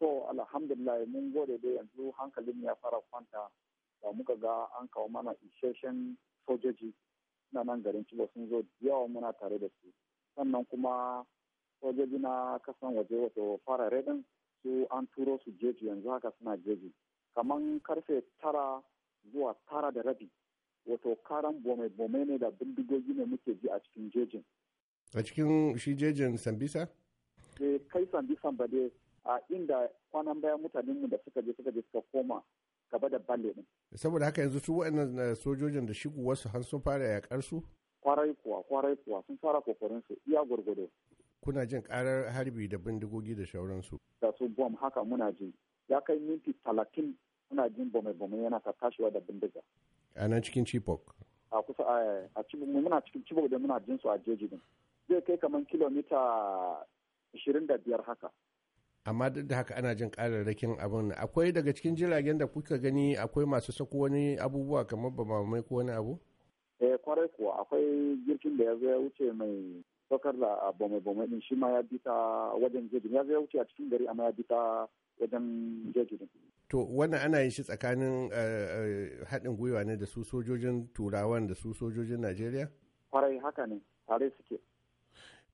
To alhamdulillah mun gode da yanzu hankalin ya fara kwanta da muka ga an kawo mana isasshen sojoji na nan garin Cibo sun zo yawa muna tare da su. Sannan kuma sojoji na kasan waje wato fara redin su an turo su jeji yanzu haka suna jeji. Kaman karfe tara zuwa tara da rabi wato karan bome-bome ne da bindigogi ne muke ji a cikin jejin. A cikin shi jejin Sambisa? Eh, kai Sambisan ba dai a inda kwanan baya mutanenmu da suka je suka je suka koma gaba da balle din. Saboda haka yanzu su waɗannan eh, sojojin da shigowarsu har sun fara yaƙar su? Kwarai kuwa, kwarai kuwa sun fara kokarin su iya gwargwado. Kuna jin karar harbi da bindigogi da shauransu? Da su bom haka muna ji. Ya kai minti talatin muna jin bome-bome yana ta tashiwa da bindiga. A nan cikin Chibok? A kusa eh, a Chibok, muna cikin Chibok da muna jin su a jeji din. Zai kai kamar kilomita 25 haka. amma duk da haka ana jin ƙararrakin abin akwai daga cikin jiragen da kuka gani akwai masu sako wani abubuwa kamar ba mamai ko wani abu eh kwarai kuwa akwai jirgin da ya zo ya wuce mai saukar da bome-bome din shi ma ya bi ta wajen jejin ya zo ya wuce a cikin gari amma ya bi ta wajen jejin to wannan ana yin shi tsakanin eh, eh, haɗin gwiwa ne da su sojojin turawan da su sojojin najeriya kwarai haka ne tare suke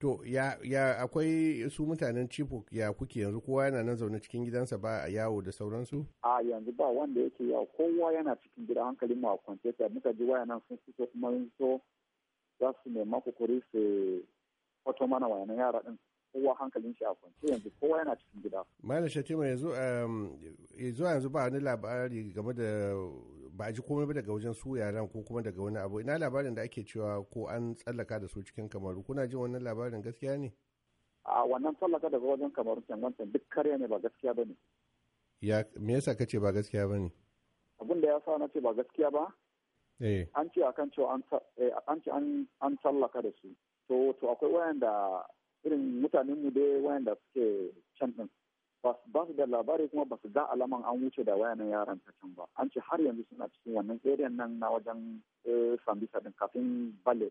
To ya, ya akwai su mutanen Chibok ya kuke yanzu kowa yana nan zaune cikin gidansa ba a yawo da sauransu? A yanzu ba wanda yake yawo kowa yana cikin gida hankalin mu a kwance ta muka ji waya nan sun fito kuma sun so za su nema kokari su kwato mana wayanan yara din kowa hankalin shi a kwance yanzu kowa yana cikin gida. Malam Shatima yanzu um, yanzu ba wani labari game da ba a ji komai ba daga wajen su yaran ko kuma daga wani abu ina labarin da ake cewa ko an tsallaka da su cikin kamaru kuna jin wannan labarin gaskiya ne a wannan tsallaka daga wajen kamaru can wancan duk karya ne ba gaskiya bane ya me yasa kace ba gaskiya ba ne abin da ya sa na ce ba gaskiya ba eh. an ce akan cewa an eh, ce an tsallaka da su to to akwai wayanda irin mutanen mu dai wayanda suke can ba su da labari kuma ba su da alaman an wuce da wayanan yaran ta can ba an ce har yanzu suna cikin wannan area nan na wajen eh, sambisa din kafin bale